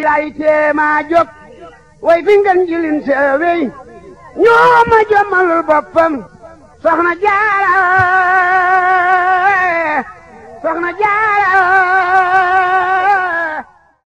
lay tee maa jóg way fi ngeen jilin seewey ñoo ma jommalul soxna jaara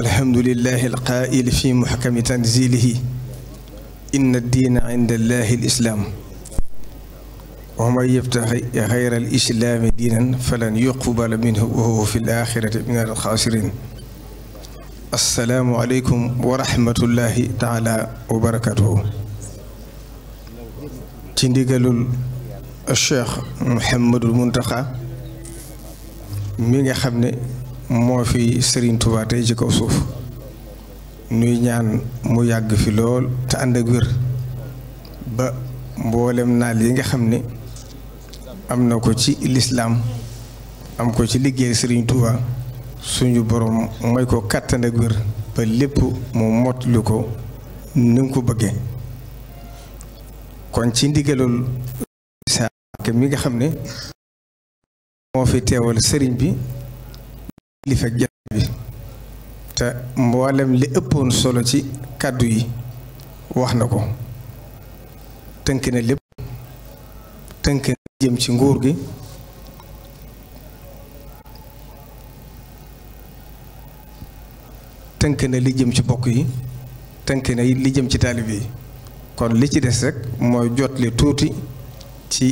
alhamdulilah alqaail fi muxkami tanzilihi inna addiina inda allahi alislaam wa man yabtaxi gayra alislaami diinan falan yuqbala minhu wa huwa fi alaxirati min alxaasirin assalaamu aleykum wa rahmatullahi taala wa barakatuhu ci ndigalul cheikh Mouhamadul Muntaxa mi nga xam ne moo fi Serigne Touba tey ci kaw suuf nuy ñaan mu yàgg fi lool te ànd ak ba mboolem naal yi nga xam ne am na ko ci lislaam am ko ci liggéey Serigne Touba suñu boroom mooy ko kàttan ak wér ba lépp mu mot ko ni nga ko bëggee kon ci ndigalul sa mi nga xam ne moo fi teewal sëriñ bi li fekk jàpp bi te mboolem li ëppoon solo ci kàddu yi wax na ko tënk na lépp tënk na jëm ci nguur gi tënk na li jëm ci bokk yi tënk na li jëm ci taalibe yi kon li ci des rekk mooy jotle tuuti ci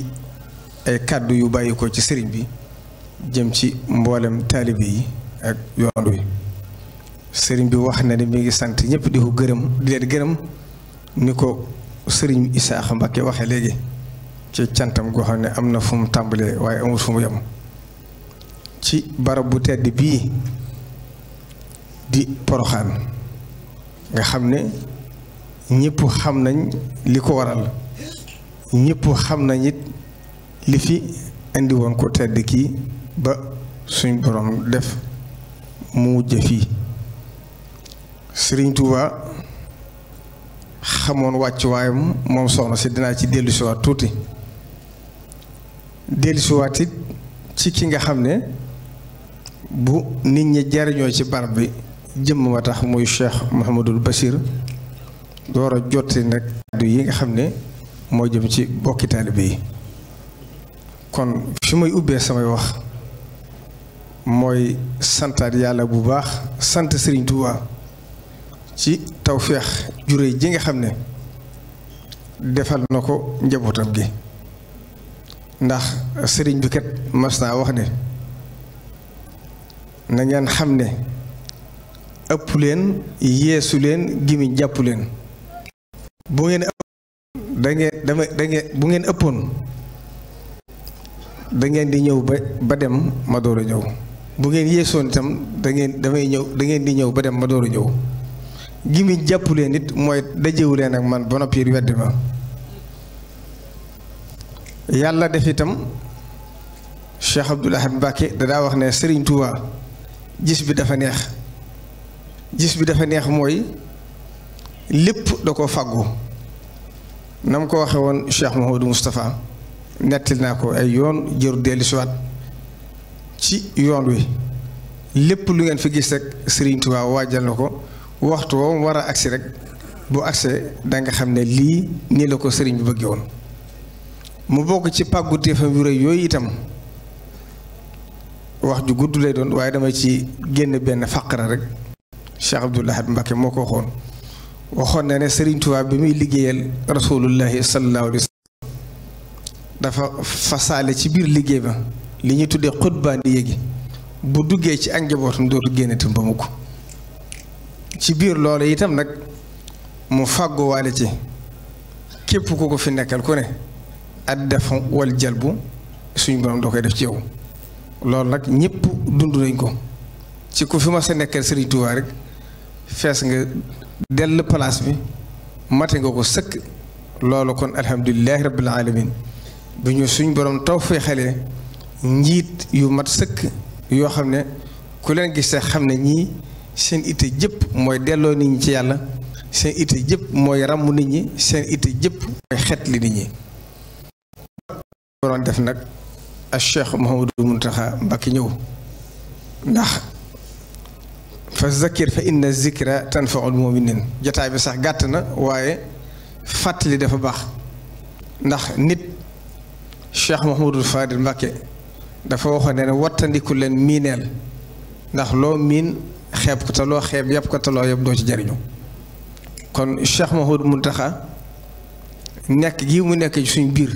ay kàddu yu bàyyi ko ci sëriñ bi jëm ci mboolem taalibe yi ak yoon wi sëriñ bi wax na ne mi ngi sant ñëpp di ko gërëm di leen gërëm ni ko sëriñ Isaaxa Mbakke waxe léegi ci cantam goo xam ne am na fu mu tàmbalee waaye amul fu mu ci barab bu tedd bii di poroxaan nga xam ne ñëpp xam nañ li ko waral ñëpp xam nañ it li fi indi woon ko tedd kii ba suñ borom def mu mujj fii Serigne Touba xamoon wàccuwaayam moom soxna si dinaa ci dellusiwaat tuuti dellusiwaat it ci ki nga xam ne bu nit ñi jariñoo ci barab bi jëmm ma tax muy Cheikh Mouhamadul Bachir door a jotti nag kàddu yi nga xam ne moo jëm ci bokki taalibe kon fi may ubbee samay wax mooy santaat yàlla bu baax sant Serigne Touba ci tawféex juré ji nga xam ne defal na ko njabootam gi ndax sëriñ bi marsa wax ne na xam ne ëpp leen yeesu leen gimi jàpp leen bu ngeen ëppoon da ngeen di ñëw ba dem ma door ñëw bu ngeen yéesoon itam da ngeen damay ñëw da ngeen di ñëw ba dem ma dooru ñëw gimi mi jàpp leen it mooy dajewu leen ak man ba noppi weddi ma yàlla def itam Cheikh Abdoul Ahad dadaa wax ne sëriñ Touba gis bi dafa neex gis bi dafa neex mooy lépp da ko fàggu na mu ko waxe woon Cheikh Mouhamadou Moustapha nettali naa ko ay yoon jëru dellusiwaat ci yoon wi lépp lu ngeen fi gis rek sëriñtuwaa Touba waajal na ko waxtu woo war a agsi rek bu agsee danga xam ne lii nii la ko sëriñ bi bëggee woon mu bokk ci pàggu téefam yu yooyu itam wax ju gudd lay doon waaye dama ci génn benn faqara rek Cheikh Abdoul Ahad Mbacké moo ko waxoon waxoon na ne Serigne Touba bi muy liggéeyal rasulullahi sallallahu alayhi dafa fasaale ci biir liggéey ba li ñuy tuddee xutbaaniye yéegi bu duggee ci ak njabootam dootu génnati ba mu ko ci biir loolu itam nag mu fàgguwaale ci képp ku ko fi nekkal ku ne at def wal jalbu suñu borom doo koy def ci yow loolu nag ñëpp dund nañ ko ci ku fi ma sa nekkal Serigne rek fees nga dell place bi mate nga ko sëkk loolu kon alhamdulilahi rabbil alamin bi ñu suñ borom taw fay xalee njiit yu mat sëkk yoo xam ne ku leen gisee xam ne ñii seen ite jëpp mooy delloo nit ñi ci yàlla seen ite jëpp mooy ràmm nit ñi seen ite jëpp mooy xetli nit ñi doon def nag ak Cheikh ñëw ndax fa zakir fa inna zikra tanfaul bi sax gàtt na waaye fàttali dafa baax ndax nit Cheikh Mouhamadou Fadil Mbacké dafa waxoon ne wattandiku leen miineel ndax loo miin xeep ko te loo xeeb yàpp ko te loo yëpp doo ci jariñoo kon Cheikh Mahmoud taxa nekk gi mu nekk ci suñ biir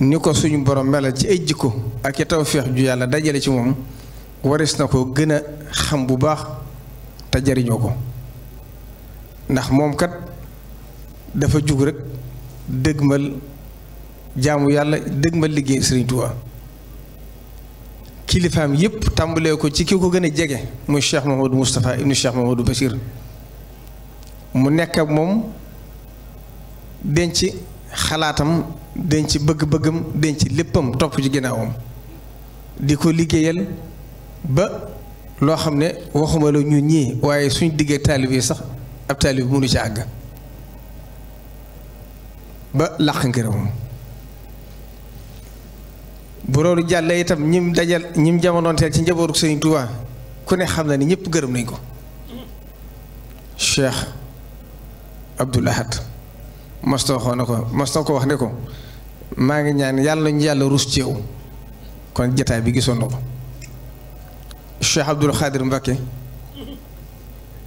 ni ko suñu borom melal ci ay jikko ak i tawféex ju yàlla dajale ci moom waris na ko gën a xam bu baax te jariñoo ko ndax moom kat dafa jug rek dëgmal jaamu yàlla dëgmal liggéey Sëriñ Tuubaa kilifaam yëpp tàmbalee ko ci ki ko gën a jege muy Cheikh Mouhamadou Moustapha ibnu Cheikh Mouhamadou Bachir mu nekk moom denc xalaatam denc bëgg-bëggam denc léppam topp ci ginnaawam di ko liggéeyal ba loo xam ne waxuma la ñun ñi waaye suñ diggee taalib yi sax ab taalib mënu ci àgg ba làq ngërëmam bu loolu jàllee itam ñim dajal ñim jamonoonteel ci njabootu Sëriñ Tuubaa ku ne xam na ni ñëpp gërëm nañ ko Cheikh Abdoul Ahad mas na waxoon ko mas na ko wax ne ko maa ngi ñaan yàlla ñu yàlla rus ci kon jataay bi gisoon na ko Cheikh Abdoul Khadir Mbacké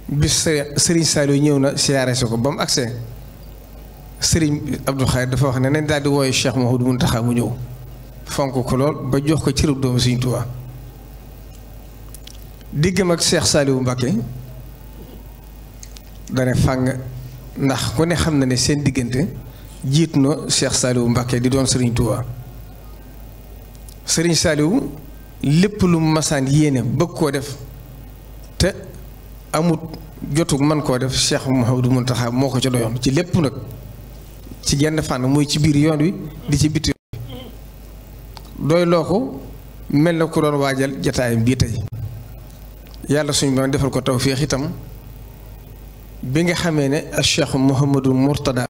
bis Serigne Saliou ñëw na siyaare ko ba mu agsee Serigne Abdoul Khadir dafa wax ne nañ daal di wooyu Cheikh Mouhamadou Mountakha mu ñëw fonk ko lool ba jox ko cërub doomu Sëriñ Tuubaa diggam ak Seex Saaliwu Mbàkke dane fàng ndax ku ne xam na ne seen diggante jiit na Seex Saaliwu Mbàkke di doon Sëriñ Tuubaa Sëriñ Saaliwu lépp lu masaan yéene bëgg koo def te amut jotu man koo def Cheikh Mouhamadou Mountakha moo ko ca doyoon ci lépp nag ci genn fànn muy ci biir yoon wi di ci biti doy loo mel na ku doon waajal jataayam bii tey yàlla suñu borom defal ko taw tawféex itam bi nga xamee ne cheikh Mouhamadou Mourtada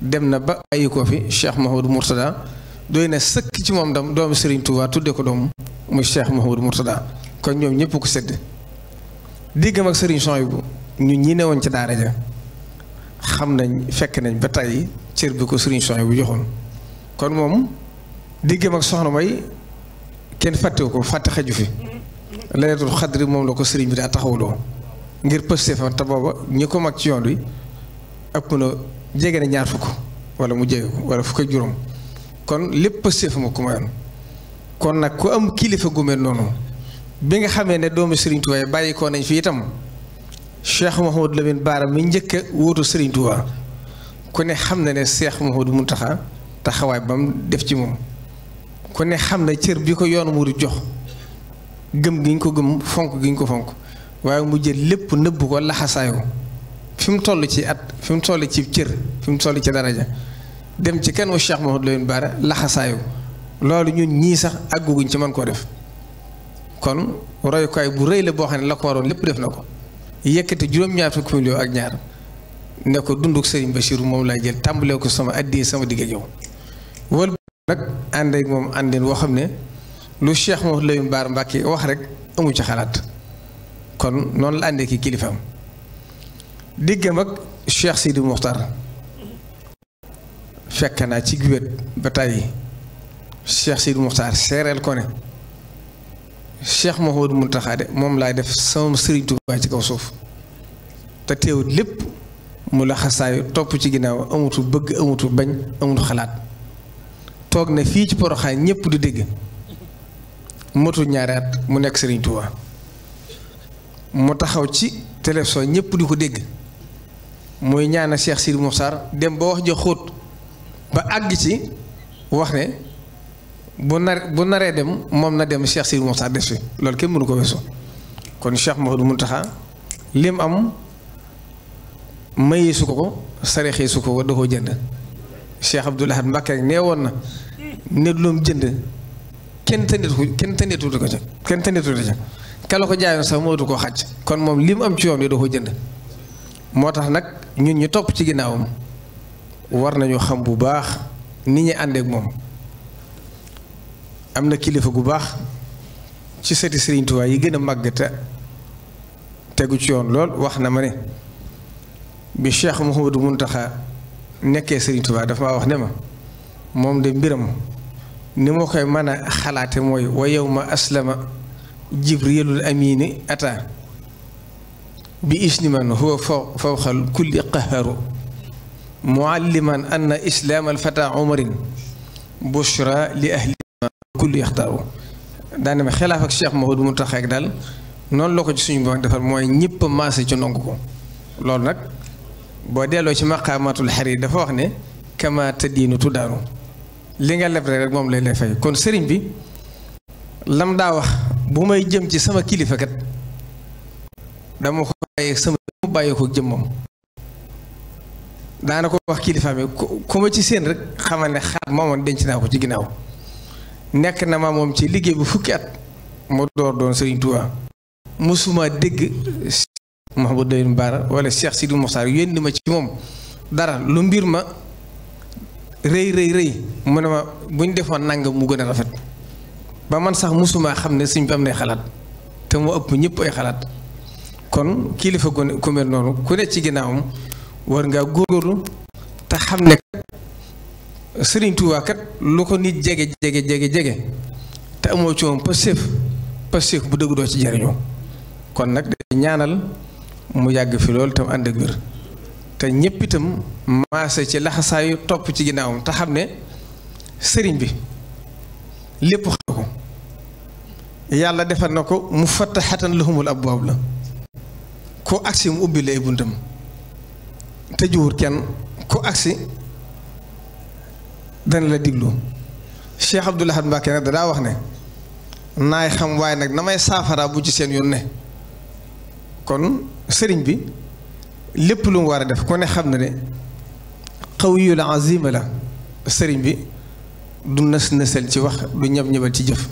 dem na ba ayi ko fi cheikh Mouhamadou Mourtada doy na sëkk ci moom dam doomu Serigne Touba tudde ko doom muy cheikh Mouhamadou Mourtada kon ñoom ñëpp ko sedd diggam ak Serigne Souhaïbou ñu ñi ne woon ca daara ja xam nañ fekk nañ ba tàyyi cër bi ko Serigne Souhaïbou joxoon kon moom. diggam ak soxna may kenn fàttewu ko fàtte xaju fi laylatul xadri moom la ko sëriñ bi daa taxawloo ngir pëste fa te booba ñi ko mag ci yoon wi ëpp na jege na ñaar fukk wala mu jege ko wala fukk ak juróom kon lépp pëste fa ma ko mayoon kon nag ku am kilifa gu mel noonu bi nga xamee ne doomi sëriñ Tuubaa bàyyi ko nañ fi itam Cheikh Mouhamadou Lamine Bara mi njëkk a wóotu sëriñ Tuubaa ku ne xam na ne Cheikh Mouhamadou Mountakha taxawaay ba mu def ci moom. ku ne xam ne cër bi ko yoonu mu jox gëm gi ñu ko gëm fonk gi ñu ko fonk waaye mu jël lépp nëbb ko laxasaayu fi mu toll ci at fi mu toll ci cër fi mu toll ci daraja dem ci kenn wu Cheikh Mouhamadou loolu ñun ñii sax àgguguñ ci mën koo def kon royukaay bu rëy la boo xam ne la lépp def na ko yëkkati juróom ak ñaar ne ko dunduk Serigne moom laa jël tàmbalee ko sama addi sama digg yow nag ànd ak moom àndeen woo xam ne lu Cheikh Mouhamadou Lamine Bara Mbacké wax rek amu ci xalaat kon noonu la àndee ki kilifaam diggam ak Cheikh Sidi Moukhtar fekk naa ci wét ba tàyyi Cheikh Sidi Moukhtar seereel ko ne Cheikh Mouhamadou Mountakha de moom laay def sama Sëriñ Tuubaa ci kaw suuf te teewut lépp mu la xasaayu topp ci ginnaaw amutu bëgg amutu bañ amutu xalaat toog na fii ci Poroxaan ñëpp du dégg motul ñaari at mu nekk Serigne Touba mu taxaw ci télévision ñëpp du ko dégg muy ñaana Cheikh Sidi Moussar dem ba wax ja xóot ba àgg ci wax ne bu nar bu naree dem moom na dem Cheikh Sidi Moussar des fi loolu kenn mënu ko weesu kon Cheikh Mouhamadou taxa lim am mayeesu ko ko sarexeesu ko ko da koo jënd. Cheikh Abdoul Ahad Mbacké nee woon na ne lu jënd kenn tëndeetu ko kenn tëndeetu ko ca kenn tëndeetu ko ca kala ko jaayoon sax moo du koo xàcc kon moom li mu am ci yoon wi da ko jënd moo tax nag ñun ñu topp ci ginnaawam war nañu xam bu baax ni ñu àndeek moom am na kilifa gu baax ci sëti Sëriñ Tuubaa yi gën a màgg te tegu ci yoon lool wax na ma ne bi Cheikh Mouhamadou Mountakha nekkee Serigne Touba dafa maa wax ne ma moom de mbiram ni ma koy mën a xalaate mooy wa ma aslama jibrilul amini ata bi isniman huwa fawxal kulli qaharu mualliman anna islaam alfata umarin bushra li ahli kulli yaxtaaru daane ma xilaaf ak Cheikh Mouhamadou Mountakha ak daal noonu la ko ci suñu borom defal mooy ñëpp a maase ci nongu ko loolu nag boo delloo ci maqaamatul xarit dafa wax ne kama tëddiinu tuddaaru li nga lef rek moom lay lay fay kon sëriñ bi lam daa wax bu may jëm ci sama kilifa kat dama ko bàyyi sama mu bàyyi ko jëmmam daana ko wax kilifa mi ku ma ci seen rek xamal ne xaat moomoon denc naa ko ci ginnaaw nekk na ma moom ci liggéey bu fukki at mu door doon sëriñ Tuubaa mosuma dégg Mouhamadou Lamine Bara wala Cheikh Sidi Moukhtar yónni ma ci moom dara lu mbir ma rëy rëy rëy mu ne ma bu defoon nangam mu gën a rafet ba man sax mosuma xam ne suñ bi am nay xalaat te moo ëpp ñëpp ay xalaat kon kilifa gone ku mel ci ginnaawam war ngaa góorgóorlu te xam ne kat Sëriñ Tuubaa lu ko nit jege jege jege jege te amoo ci moom pastéef pastéef bu dëgg doo ci jariñoo kon nag ñaanal mu yàgg fi loolu tam ànd ak wér te ñëpp itam maase ci laxasaayu topp ci ginnaawam te xam ne sëriñ bi lépp xam ko yàlla defal na ko mu fattaxatan lahumul boobu la ku agsi mu ubbi la ay buntam tëjuwul kenn ku agsi dana la diglu Cheikh Abdoul Ahad Mbacké nag dadaa wax ne naay xam waaye nag namay saafara bu ci seen yoon ne kon sëriñ bi lépp lu mu war a def ku ne xam na ne xaw azima la sëriñ bi du nës nësal ci wax du ñab ñabal ci jëf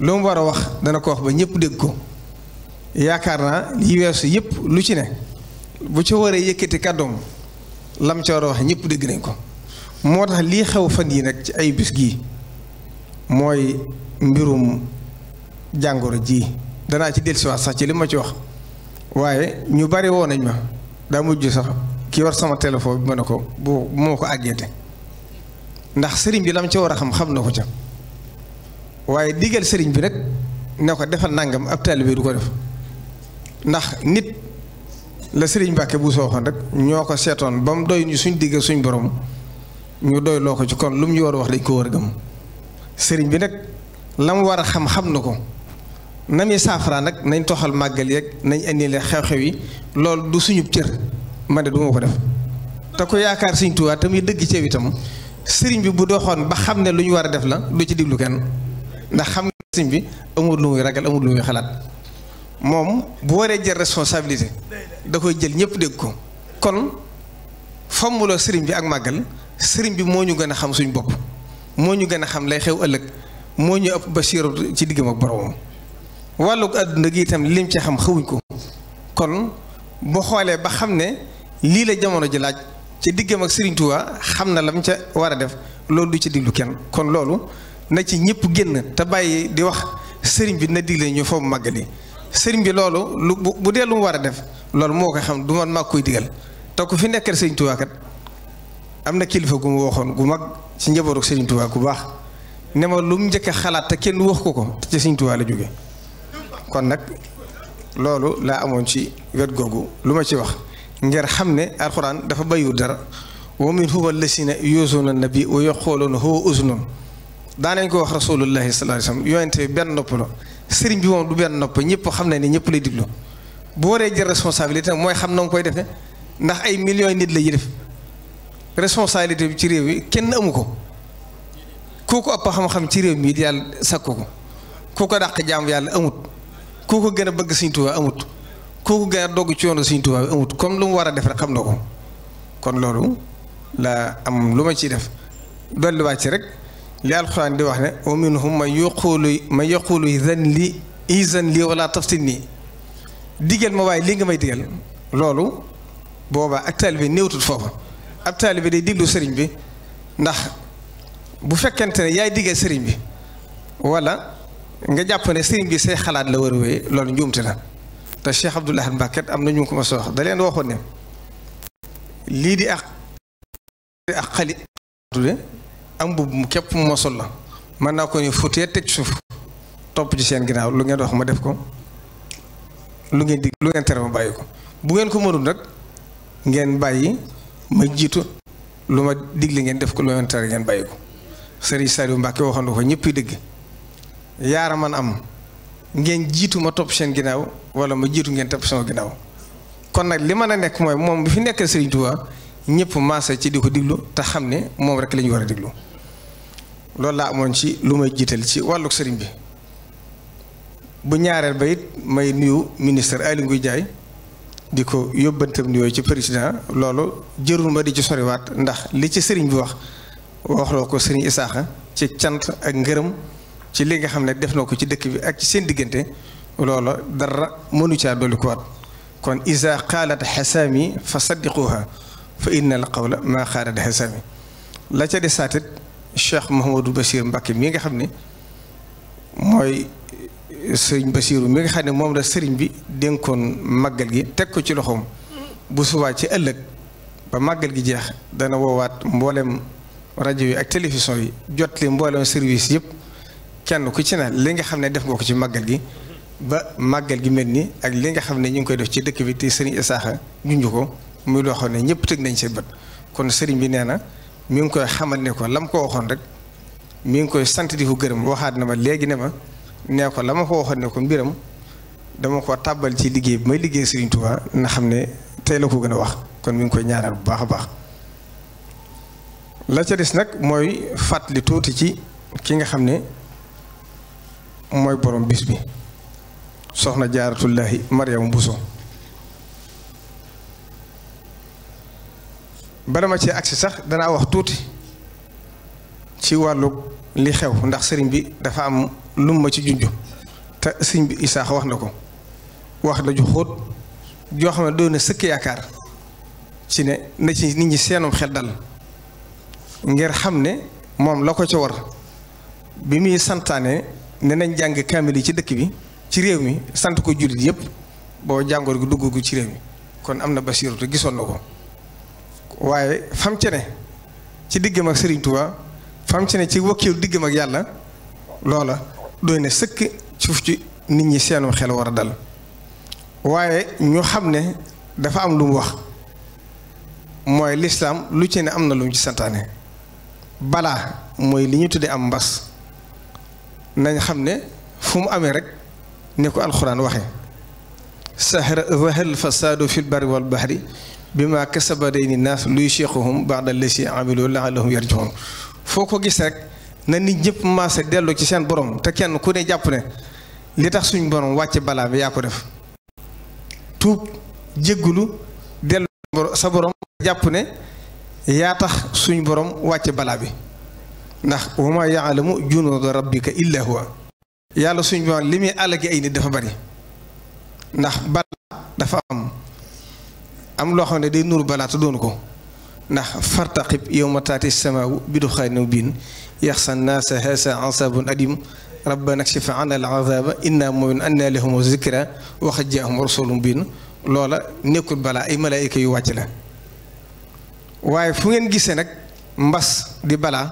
lu mu war a wax dana ko wax ba ñëpp dégg ko yaakaar naa li weesu yëpp lu ci ne bu ca waree yëkkati kàddoom lam ci war a wax ñëpp dégg nañ ko moo tax lii xew fan yi nag ci ay bis gii mooy mbirum jàngoro ji danaa ci dellusiwaat sax ci li ma ci wax waaye ñu bari woo nañ ma daa mujj sax ki war sama téléphone bi ma ne ko bu moo ko àggante ndax sëriñ bi la mu ca war a xam xam na ko ca waaye digal sëriñ bi rek ne ko defal nangam ab taalibe du ko def ndax nit la sëriñ Mbàkke bu sooxoon rek ñoo ko seetoon ba mu doy ñu suñ diggal suñ borom ñu doy loo ko ci kon lu mu ñu war a wax dañ ko war a gëm sëriñ bi nag la mu war a xam xam na ko. na muy saafara nag nañ toxal màggal yeeg nañ indile xew-xew yi loolu du suñu cër man de du ma ko def te ko yaakaar Sëriñ Tuubaa tam yi dëgg ceeb itam sëriñ bi bu doxoon ba xam ne lu ñu war a def la du ci diglu kenn ndax xam nga sëriñ bi amul lu muy ragal amul lu muy xalaat moom bu waree jël responsabilité da koy jël ñëpp dégg ko kon fommuloo sëriñ bi ak màggal sëriñ bi moo ñu gën a xam suñu bopp moo ñu gën a xam lay xew ëllëg moo ñu ëpp ba ci diggam ak boromam. wàllug àdduna gi itam lim ci xam xawuñ ko kon bu xoolee ba xam ne lii la jamono ji laaj ci diggam ak sëriñtuwaa xam na lam ca war a def loolu du ci diglu kenn kon loolu na ci ñëpp génn te bàyyi di wax sëriñ bi na digle ñu foofu màggali sëriñ bi loolu lu bu dee lu mu war a def loolu moo ko xam du man maa koy digal te ku fi nekkal Serigne kat am na kilifa gu mu waxoon gu mag ci njabootu Serigne Touba baax ne ma lu njëkk xalaat te kenn wax ko ko te ci Serigne jóge kon nag loolu laa amoon ci wet googu lu ma ci wax njar xam ne alxuraan dafa bayu dara wa minhum allasina yuzuuna nabi wa yaquluuna huwa uzunun daanañ ko wax rasulullahi sallallahu alayhi wasallam yonente benn nopp la sëriñ bi moom du benn nopp ñëpp xam ne ni ñëpp lay diglu bu waree jël responsabilité mooy xam na nga koy defee ndax ay millions nit la ñuy def responsabilité bi ci réew yi kenn amu ko kooku ëpp xam-xam ci réew mi yàlla sakku ko ko dàq jaam yàlla amut. koo ko gën a bëgg Sëñ Tuubaa amut koo ko gën a dogg ci yoonu Sëñ Tuubaa amut comme lu mu war a def rek xam na ko kon loolu laa am lu ma ciy def dolliwaat ci rek li alxuraan di wax ne wa minhum man yaqulu man yaqulu izan li izan li wala taftinni digal ma waaye li nga may digal loolu boobaa ak taalibe néewtut foofa ab taalibe day diglu sëriñ bi ndax bu fekkente ne yaay digal sëriñ bi wala nga jàpp ne sëriñ bi say xalaat la war wee loolu njuumte na te Cheikh Abdoul Ahad Mbacké am na ñu ko ma soo wax da waxoon ne lii di ak ak xali tudde am bu mu képp mu mosul la mën naa ko ni futee teg suuf topp ci seen ginnaaw lu ngeen wax ma def ko lu ngeen di lu ngeen tere ma bàyyi ko bu ngeen ko mënul nag ngeen bàyyi ma jiitu lu ma digle ngeen def ko lu ngeen tere ngeen bàyyi ko Serigne Saliou Mbacké waxoon na ko ñëpp dëgg yaara man am ngeen jiitu ma topp seen ginnaaw wala ma jiitu ngeen topp sama ginnaaw kon nag li mën a nekk mooy moom bi fi nekkal Serigne Touba ñëpp maasa ci di ko diglu te xam ne moom rek la war a diglu loolu laa amoon ci lu may jiital ci wàllug sëriñ bi bu ñaareel ba it may nuyu ministre Aly Ngouille jaay di ko yóbbantam nuyoo ci président loolu jërul ma di ci soriwaat ndax li ci sëriñ bi wax waxloo ko sëriñ Isaaxa ci cant ak ngërëm. ci li nga xam ne def na ko ci dëkk bi ak ci seen diggante loola dara mënu caa dolli ko waat kon isa qaalat mi fa saddiquha fa inna al qawla maa la ca desaatit cheikh Mouhamadou Bachir Mbacke mi nga xam ne mooy sëriñ Bachir mi nga xam ne moom la sëriñ bi dénkoon màggal gi teg ko ci loxoom bu subaa ci ëllëg ba màggal gi jeex dana woowaat mboolem rajo yi ak télévision yi jot mboolem service yëpp. kenn ku ci ne li nga xam ne def nga ko ci màggal gi ba màggal gi mel ni ak li nga xam ne ñu ngi koy def ci dëkk bi te sëriñ Isaaxa junj ko muy loo xam ne ñëpp tëg nañ seen bët kon sëriñ bi nee na mi ngi koy xamal ne ko la ma ko waxoon rek mu ngi koy sant di ko gërëm waxaat na ma léegi ne ma nee la ma ko waxoon ne ko dama ko tàbbal ci liggéey bi may liggéey sëriñ Tuubaa na xam ne tey la ko gën a wax kon mi ngi koy ñaanal bu baax a baax la ca des nag mooy fàttali tuuti ci ki nga xam ne. mooy borom bis bi soxna jaaratullahi Mariam Bousso bala ma ci agsi sax danaa wax tuuti ci wàllu li xew ndax sëriñ bi dafa am lum ma ci junj te sëriñ bi Isaax wax na ko wax na ju xóot joo xam ne doon na sëkk yaakaar ci ne na ci nit ñi seenum xel dal ngir xam ne moom la ko ca war bi muy santaane danañ jàng kaamil yi ci dëkk bi ci réew mi sant ko jullit yëpp boo jàngoor gi duggagu ci réew mi kon am na basiiru te gisoon na ko waaye fam ci ne ci diggam ak Serigne Touba fam cene ci wakkiilu diggam ak yàlla loola doy na sëkk suuf ci nit ñi seenum xel war a dal waaye ñu xam ne dafa am lu mu wax mooy lislaam lu ci ne am na lu mu ci santaane balaa mooy li ñu tuddee am mbas nañ xam ne fu mu amee rek ni ko alxuraan waxe sahara zahal fasaadu fil barri wal bahri bima kasaba indi naas luy chequhum ba'da lasi amilu la'allahum yarji'un foo ko gis rek na nit ñëpp maase dellu ci seen borom te kenn ku ne jàpp ne li tax suñ borom wàcce balaa bi yaa ko def tuub jéggulu dellu sa borom jàpp ne yaa tax suñ borom wàcce balaa bi ndax wa maa yaalamu junuuda yàlla suñu borom li muy àll gi ay nit dafa bari ndax balaa dafa am am loo xam ne day nuru balaa te doonu ko ndax fartaqib yawma taati samaawu bi duxaanin mubiin yaxsa naasa haasa asaabun adim rabbana kshif anna al azaaba inna mu'minun anna lahum zikra wa qad jaahum rasulun mubiin loola nekkul balaa ay malaayika yu wàcc la waaye fu ngeen gisee nag mbas di balaa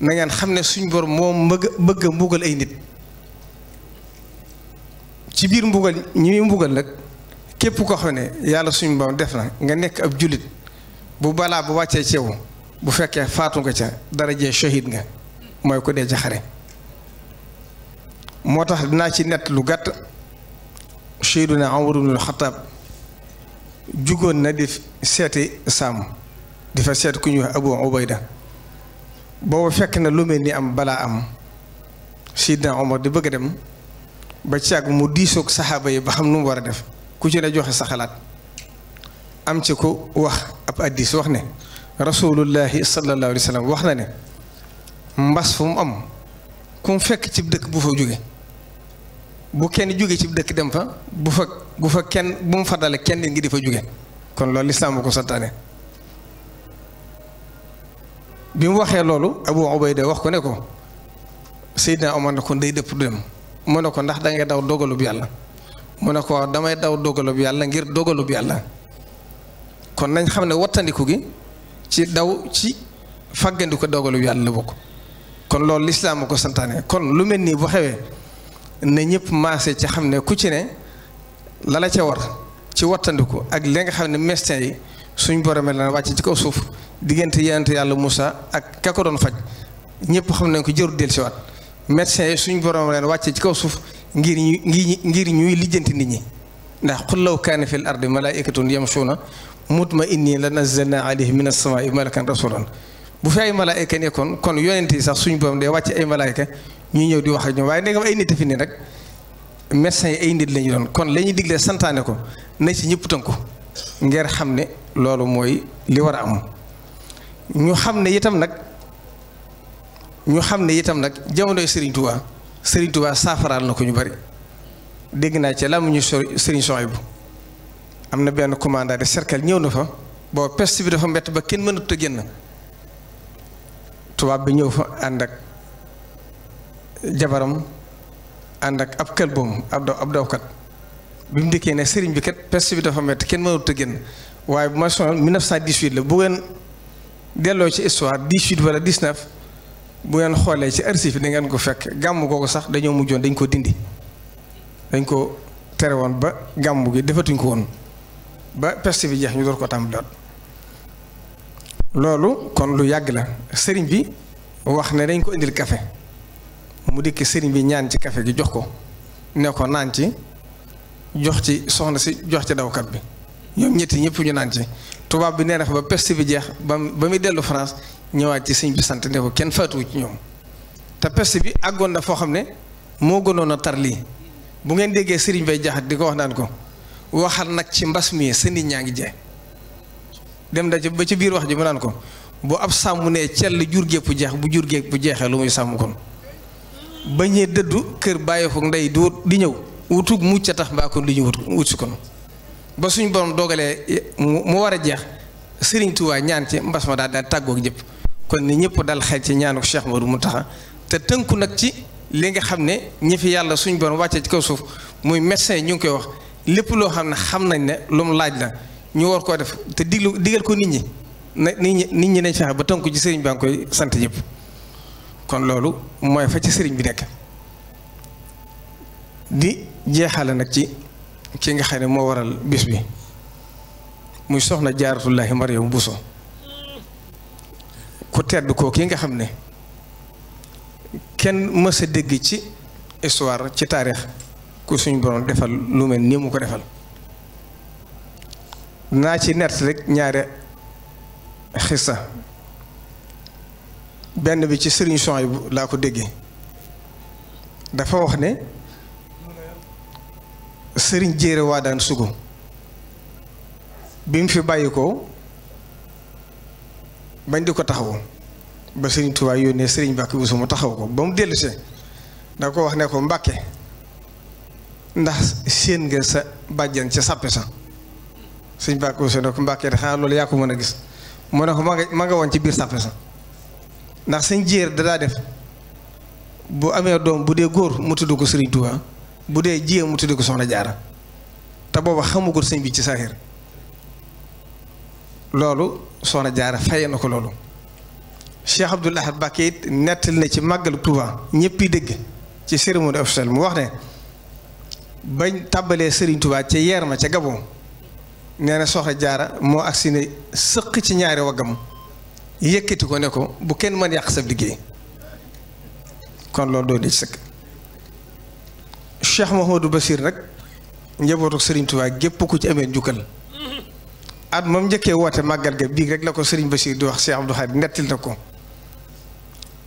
na ngeen xam ne suñ borom moom bëgg bëgg a mbugal ay nit ci biir mbugal ñi muy mbugal nag képp koo xam ne yàlla suñ borom def na nga nekk ab jullit bu balaa bu wàccee ci bu fekkee faatu nga ca dara darajee shahid nga mooy ko dee ca xare moo tax dinaa ci nett lu gàtt Seydina Umar ibnul Xattaab jugoon na di seeti Saam seet ku ñuy wax Ubayda boobu fekk na lu mel ni am balaa am sidna Omar di bëgg a dem ba càgg mu diisoog saxaaba yi ba xam nu mu war a def ku ci ne joxe sa xalaat am ci ko wax ab addis wax ne rasulullahi sallallahu alayhi wax na ne mbas fu mu am ku mu fekk ci dëkk bu fa jóge bu kenn jóge ci dëkk dem fa bu fa bu fa kenn bu mu fa dale kenn ngi di fa jóge kon loolu lislaam ko santaane bi mu waxee loolu Abu Ubayda wax ko ne ko Seydina Omar ne ko day dëpp du dem mu ne ko ndax da daw daw dogalub yàlla mu ne ko waaw damay daw dogalub yàlla ngir dogalub yàlla kon nañ xam ne wattandiku gi ci daw ci faggandiku dogalub yàlla la bokk kon loolu lislaam a ko santaane kon lu mel nii bu xewee ne ñëpp maase ci xam ne ku ci ne la la ca war ci wattandiku ak li nga xam ne mestin yi suñ boromee la wàcc ci kaw suuf diggante yonent yàlla Moussa ak ka ko doon faj ñëpp xam nañ ko jëru del siwaat médecins yi suñ borom leen wàcce ci kaw suuf ngir ñu ngir ngir ñuy lijjanti nit ñi ndax qul law kaana fil ardi malaa'ikatun yamshuuna mutma'inniina la nazzalnaa alayhim mina samaa'i malakan rasuulan bu fi ay malaayka nekkoon kon yonent yi sax suñ borom dee wàcce ay malaayka ñu ñëw di wax ak ñoom waaye ndegam ay nit a fi ne rek médecins yi ay nit la ñu kon la ñuy santaane ko na ci ñëpp tënku ngir xam ne loolu mooy li war a am. ñu xam ne itam nag ñu xam ne itam nag jamonoy Serigne Touba Serigne Touba saafaraal na ko ñu bari dégg naa ci so Serigne Souhaïbou am na benn commandant de cercle ñëw na fa boo peste bi mbett ba kenn mënut a génn tubaab bi ñëw fa ànd ak jabaram ànd ak ab këlboom ab daw ab dawkat bi mu dikkee ne Serigne bi kat peste bi mbett kenn mënut a génn waaye bu ma sonal 1918 la bu delloo ci histoire 18 wala 19 bu ngeen xoolee ci archive da ngeen ko fekk gàmm googu sax dañoo mujjoon dañ ko dindi dañ ko tere woon ba gàmm gi defatuñ ko woon ba peste bi jeex ñu door ko tàmbaliwaat loolu kon lu yàgg la sëriñ bi wax ne dañ ko indil kafe mu dikk sëriñ bi ñaan ci kafe gi jox ko ne ko naan ci jox ci soxna si jox ci dawkat bi ñoom ñetti ñëpp ñu naan ci tubaab bi nee na fa ba peste bi jeex ba ba muy dellu France ñëwaat ci sëñ bi sant ne ko kenn faatuwu ci ñoom te peste bi àggoon na foo xam ne moo gënoon a tar lii bu ngeen déggee sëriñ bay jaxat di ko wax naan ko waxal nag ci mbas mi sa nit ñaa ngi jeex dem da ci ba ci biir wax ji mu naan ko boo ab sàmm ne cell jur gépp jeex bu jur gépp bu jeexee lu muy sàmm kon ba ñee dëddu kër bàyyi ko ndey di di ñëw wutug mucc a tax mbaa kon li ñu wut wut si kon ba suñ borom dogalee mu war a jeex Serigne Touba ñaan ci mbas ma daal daal tàggook ñëpp kon ni ñëpp dal xel ci ñaanu Cheikh Modou Mountakha te tënku nag ci li nga xam ne ñi fi yàlla suñu borom wàccee ci kaw suuf muy médecin ñu ngi koy wax lépp loo xam ne xam nañ ne lu mu laaj la ñu war koo def te diglu digal ko nit ñi na nit ñi nit ñi nañ fexe ba tënku ci Serigne baa ngi koy sant ñëpp kon loolu mooy fa ci Serigne bi nekk di jeexale nag ci. ki nga xam ne moo waral bis bi muy soxna jaaratullahi Mariam Bousso ku tedd koo ki nga xam ne kenn mës a dégg ci histoire ci taarix ku suñ borom defal lu mel nii mu ko defal naa ci nett rek ñaare xissa benn bi ci sëriñ son yi laa ko déggee dafa wax ne sëriñ jéere waa daan sugu bi mu fi bàyyi bañ di ko taxawu ba sëriñ Tuubaa ne sëriñ Mbàkke Buso mu taxaw ko ba mu dellusee danga ko wax ne ko Mbàkke ndax séen nga sa bàjjan ca sàppe sa sëriñ Mbàkke Buso ne ko Mbàkke da xanaa loolu yaa ko mën a gis mu ne ko ma nga ma nga woon ci biir sàppe sa ndax sëñ jéer da def bu amee doom bu dee góor mu tudd ko sëriñ Tuubaa bu dee jigéen mu tudde ko soxna jaara te booba xamugul sëñ bi ci saaxir loolu soxna jaara faye na ko loolu Cheikh Abdoul Ahad Mbacké it nettali na ci màggal Touba ñëppi dégg ci cérémonie officielle mu wax ne bañ tàbbalee Serigne tubaa ci yeer ma ca Gabon nee na soxna jaara moo agsi ne sëq ci ñaari waggam yëkkati ko ne ko bu kenn mën yàq sa liggéey kon loolu doo dee ci Cheikh Mouhamadou Bachir nag njabootu sëriñ Touba gépp ku ci amee njukkal at moom njëkkee woote màggal ga bii rek la ko sëriñ Bachir di wax Cheikh Abdou Khadre nettil na ko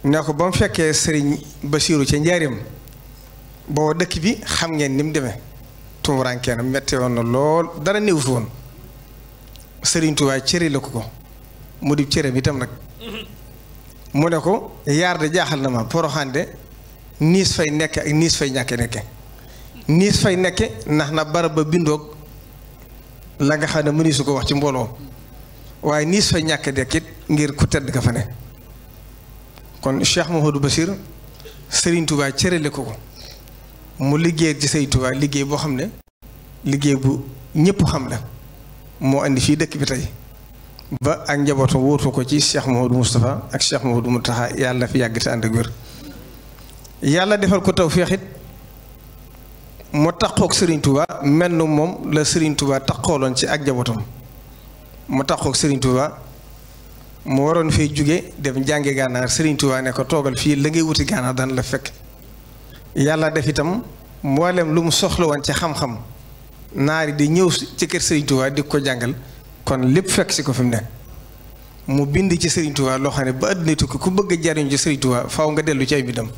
ne ko ba mu fekkee sëriñ Bachiru ca njaareem boo dëkk bi xam ngeen ni mu demee tumuraankeenam metti woon na lool dara néew fi woon Serigne Touba cëre la ko ko mu di cëre bi nag mu ne ko yaar de jaaxal na ma poroxaan niis fay nekk ak niis fay ñàkke nekke nii fay nekke ndax na barab ba bindoog la nga xam ne mëni su ko wax ci mbooloo waaye nii fay ñàkk dekkit ngir ku tedd ka fa ne kon Cheikh Mouhamadou Bachir Serigne Touba cërale ko ko mu liggéey ci Serigne liggéey boo xam ne liggéey bu ñëpp xam la moo andi fii dëkk bi tey ba ak njabootu wóotu ko ci Cheikh Mouhamadou Moustapha ak Cheikh Mouhamadou Mountakha yàlla fi yàgg te ànd ak wér yàlla defal ko tawfeex it mu taqoog Serigne Touba mel na moom la Serigne Touba taqooloon ci ak jabotam mu taqoog Serigne Touba mu waroon fee jóge dem jànge gànnaar Serigne Touba ne ko toogal fii la ngay wuti gànnaar daan la fekk yàlla def itam mboolem lu mu soxla woon ci xam-xam naari di ñëw ci kër Serigne di ko jàngal kon lépp fekk si ko fi ne mu bind ci Serigne Touba loo xam ne ba àdduna tukki ku bëgg a jariñ ci Serigne Touba nga dellu ci ay bidam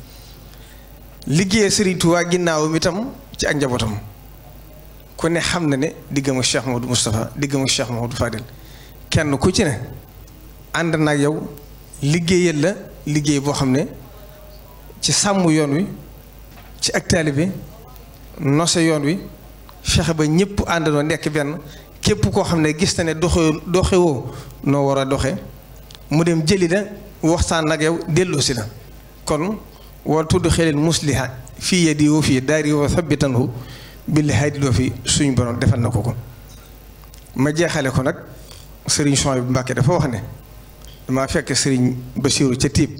liggéeyee Serigne Touba ginnaaw ci ak njabootam ku ne xam na ne diggamu Cheikh Maodo Moustapha diggamu Cheikh du Fadel kenn ku ci ne ànd naag yow liggéeyal la liggéey boo xam ne ci sàmm yoon wi ci ak taalibe nose yoon wi fexe ba ñëpp àndandoo nekk benn képp koo xam ne gis na ne doxe doxewoo noo war a doxe mu dem jëli la waxtaan ak yow delloosi la kon war tudd xelil musliha fii yadi wa fii daari wa sabbitanhu bil haadiloo fi suñu borom defal na ko ko ma jeexale ko nag sëriñ son bi Mbàkke dafa wax ne damaa fekk sëriñ Basiiru ca tiib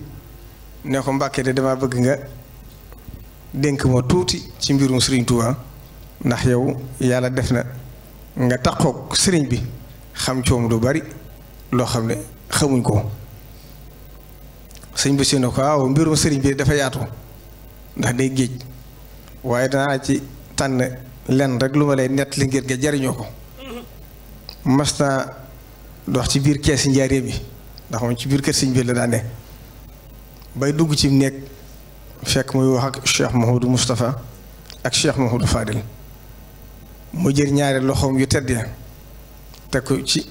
ne ko Mbàkke damaa bëgg nga dénk ma tuuti ci mbirum sëriñ Tuubaa ndax yow yàlla def na nga takkook sëriñ bi xam coom lu bari loo xam ne xamuñ ko sëñ Basiiru ne ko waaw mbirum sëriñ bi dafa yaatoo ndax day géej waaye dana danaa ci tànn lenn rek lu ma lay nett li ngir nga jariñoo ko mas dox ci biir keesi njaareem bi ndax moom ci biir kër sëñ bi la daa bay dugg ci nekk fekk muy wax ak Cheikh Mahoudou Moustapha ak Cheikh Mahoudou Fadil jël ñaari loxoom yu tedd ya ci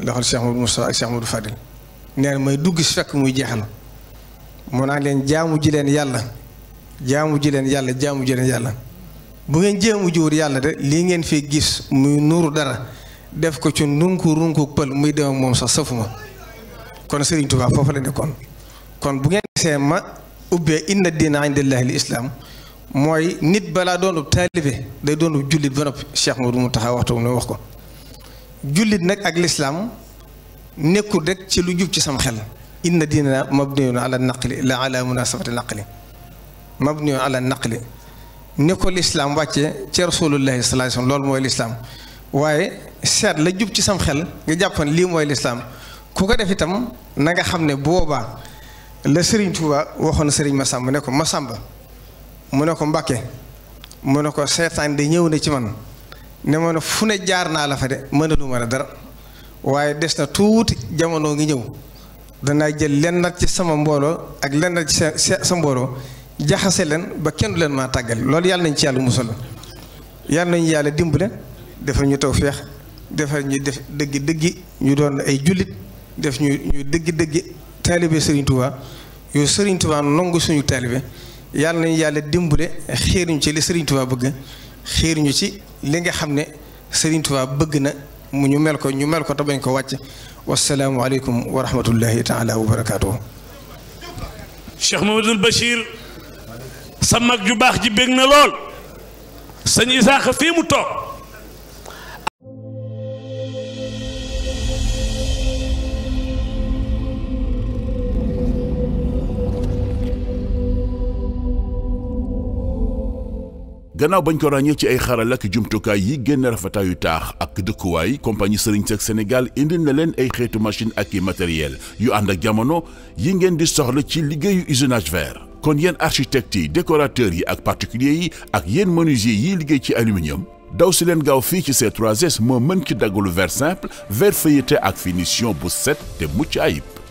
loxol Cheikh Mahoudou Moustapha ak Cheikh Mahoudou Fadil nee may dugg si fekk muy jeexal mu naa leen jaamu ji leen yàlla jaamu ji leen yàlla jaamu ji leen yàlla bu ngeen jéemu jiwut yàlla de lii ngeen fee gis muy nuuru dara def ko ci ndunku runku pël muy dem moom sax safuma kon Serigne Touba foofu la nekkoon kon bu ngeen see ma ubbee inna diina indallaahi lislaam mooy nit balaa doonub taalibe day doonub jullit ba noppi Cheikh Modou Moutakha waxtu mu wax ko jullit nag ak lislaam nekkul rek ci lu jub ci sama xel inna diina mabniyun ala naqli la ala munasabati naqli mabniyun naq naqli ni ko lislaam wàcce ci rasulullahi sallallahu alayhi loolu mooy lislaam waaye seet la jub ci sam xel nga jàppoon lii mooy lislaam ku ko def itam na nga xam ne boobaa la Serigne Touba waxoon sëriñ ma Massamba ne ko ma Massamba mu ne ko Mbàkke mu ne ko seetaan de ñëw ne ci man ne ma ne fu ne jaar naa la fa de mënaluma la dara waaye des na tuuti jamono ngi ñëw danaa jël lennat ci sama mbooloo ak lennat ci sa sa mbooloo jaxase leen ba kenn leen maa tàggal loolu yàlla nañ ci yàlla musal yàlla nañu yàlla dimbale defal ñu feex defal ñu def dëgg dëgg ñu doon ay jullit def ñu ñu dëgg dëgg taalibe Serigne Touba yow Serigne Touba nangu suñu taalibe yàlla nañu yàlla dimbale xiiruñu ci li Serigne Touba bëgg xiiruñu ci li nga xam ne Serigne Touba bëgg na mu ñu mel ko ñu mel ko te bañ ko wàcc wasalaamu aleykum wa rahmatullahi taala wa barakaatuhu Cheikh Mamadou Bachir sa mag ju baax ji bég na lool sëñ Isaaxa fii mu toog gannaaw bañ ko ràññee ci ay xaral ak jumtukaay yi génn rafetaayu taax ak dëkkuwaay compagnie Serigne Seck Sénégal indil na leen ay xeetu machine ak i matériel yu ànd ak jamono yi ngeen di soxla ci liggéeyu usinage vert kon yenn architectes yi yi ak particuliers yi ak yenn menuisier yi liggéey ci aluminium daw si leen gaaw fii ci ces 3S moo mën ci daggalu verre simple ver feuilleté ak finition bu set te mucc ayib.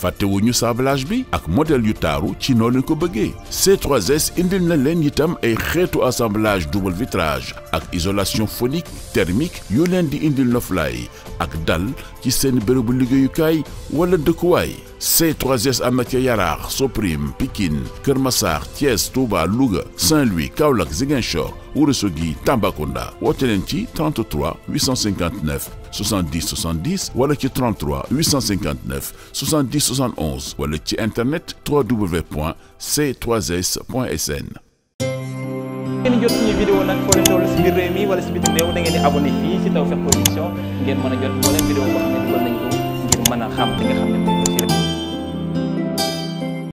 fàttewuñu sablage bi ak modèle yu taaru ci noonu ko bëggee c indil na leen itam ay xeetu assemblage double vitrage ak isolation phonique thermique yoo leen di indil noflaay ak dal ci seen bërëbu liggéeyukaay wala dëkkuwaay C3S am na ca Yaraax Soprim Pikine Kër Massar Thiès Touba Louga Saint-Louis Kaolack Ziguinchor Ourossogui Tambacounda woote leen ci 33 859 70 70 wala ci 33 859 wala ci internet www.c3s.sn. ngeen jot suñu vidéo nag foo wala si bitim réew da ngeen di abonné fii si